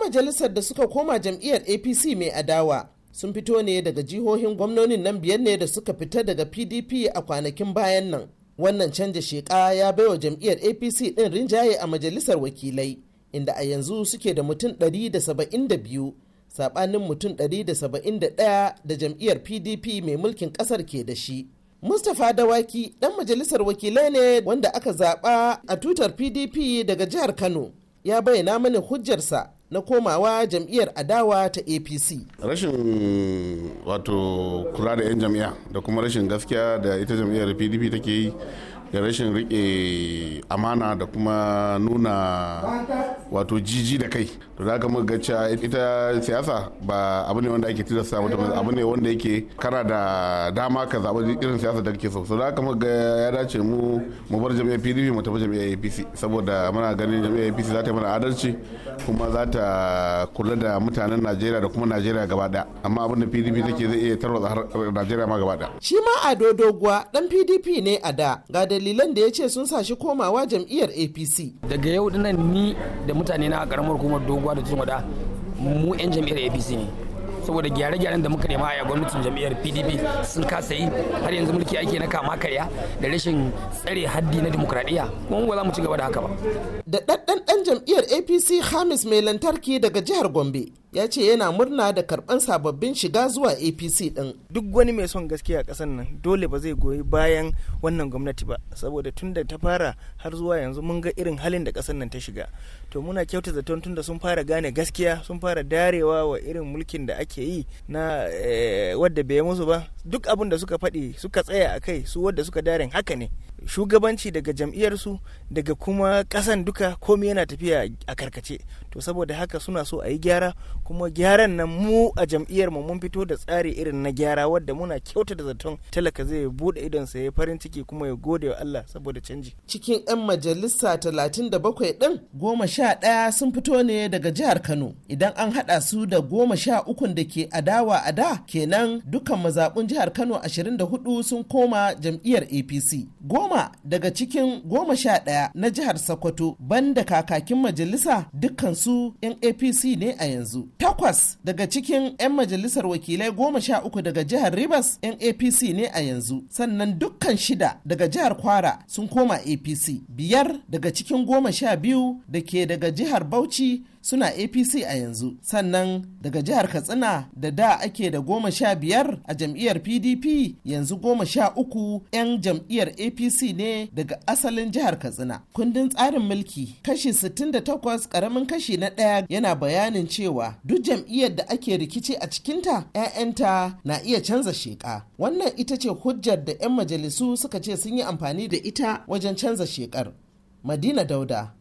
majalisar da suka koma jam'iyyar apc mai adawa sun fito ne daga jihohin gwamnonin nan biyar ne da suka fita daga pdp a kwanakin bayan nan wannan canja sheka ya baiwa jam'iyyar apc ɗin rinjaye a majalisar wakilai inda a yanzu suke da mutum 172 saɓanin mutum 171 da jam'iyyar pdp mai mulkin ƙasar ke da shi mustapha dawaki ɗan majalisar wakilai ne wanda aka zaɓa a tutar pdp daga jihar kano ya bayyana mana hujjarsa na komawa jam'iyyar adawa ta apc rashin wato kula da 'yan jam'iyya da kuma rashin gaskiya da ita jam'iyyar pdp take yi da rashin rike amana da kuma nuna wato jiji da kai to za ka ga cewa ita siyasa ba abu ne wanda ake tilasta mata abu ne wanda yake kara da dama ka zaɓi irin siyasa da kake so so za ka ga ya dace mu mu bar jami'ar pdp mu tafi jami'ar apc saboda muna ganin jami'ar apc za ta yi mana adalci kuma za ta kula da mutanen najeriya da kuma najeriya gaba daya amma abin da pdp take zai iya tarwatsa har najeriya ma gaba daya shi ma ado doguwa dan pdp ne a da ga dalilan da ya ce sun sa shi komawa jam'iyyar apc daga yau dinan ni da mutane na karamar hukumar doguwa da tunwada mu 'yan jam'iyyar apc ne saboda gyare-gyaren da muka nema a gwamnatin jam'iyyar pdp sun kasa yi har yanzu mulki ake na kama karya da rashin tsare haddi na demokradiyya kuma ba za mu ci gaba da haka ba da ɗanɗan ɗan jam'iyyar apc hamis mai lantarki daga jihar gombe ya ce yana murna da karban sababbin shiga zuwa apc ɗin. duk wani mai son gaskiya a ƙasar nan dole ba zai goyi bayan wannan gwamnati ba saboda tun da ta fara har zuwa yanzu mun ga irin halin da ƙasar nan ta shiga to muna kyauta zaton tun da sun fara gane gaskiya sun fara darewa wa irin mulkin da ake yi na eh, wadda bai musu ba duk abin da suka faɗi suka tsaya a kai su wadda suka daren haka ne shugabanci daga jam'iyyarsu daga kuma ƙasan duka komai yana tafiya a karkace to saboda haka suna so a yi gyara kuma gyaran nan mu a jam'iyyar mu mun fito da tsari irin na gyara wadda muna kyauta da zaton talaka zai bude idonsa ya farin ciki kuma ya gode wa Allah saboda canji cikin 'yan majalisa 37 din goma sha ɗaya sun fito ne daga jihar Kano idan an hada su da goma sha ukun da ke adawa a da kenan dukkan mazaɓun jihar Kano 24 sun koma jam'iyyar APC goma goma daga cikin goma sha ɗaya na jihar Sokoto banda kakakin majalisa dukkansu 'yan APC ne a yanzu. Takwas daga cikin 'yan majalisar wakilai goma sha uku daga jihar Rivers 'yan APC ne a yanzu. Sannan dukkan shida daga jihar Kwara sun koma APC. Biyar daga cikin goma sha biyu da ke daga jihar Bauchi suna apc a yanzu sannan daga jihar katsina da da ake da goma sha biyar a jam'iyyar pdp yanzu goma sha uku 'yan jam'iyyar apc ne daga asalin jihar katsina kundin tsarin mulki kashi 68 karamin kashi na ɗaya yana bayanin cewa duk jam'iyyar da ake rikici a cikinta 'ya'yanta na iya canza sheka wannan ita ce hujjar da 'yan majalisu suka ce sun yi amfani da ita wajen canza shekar madina dauda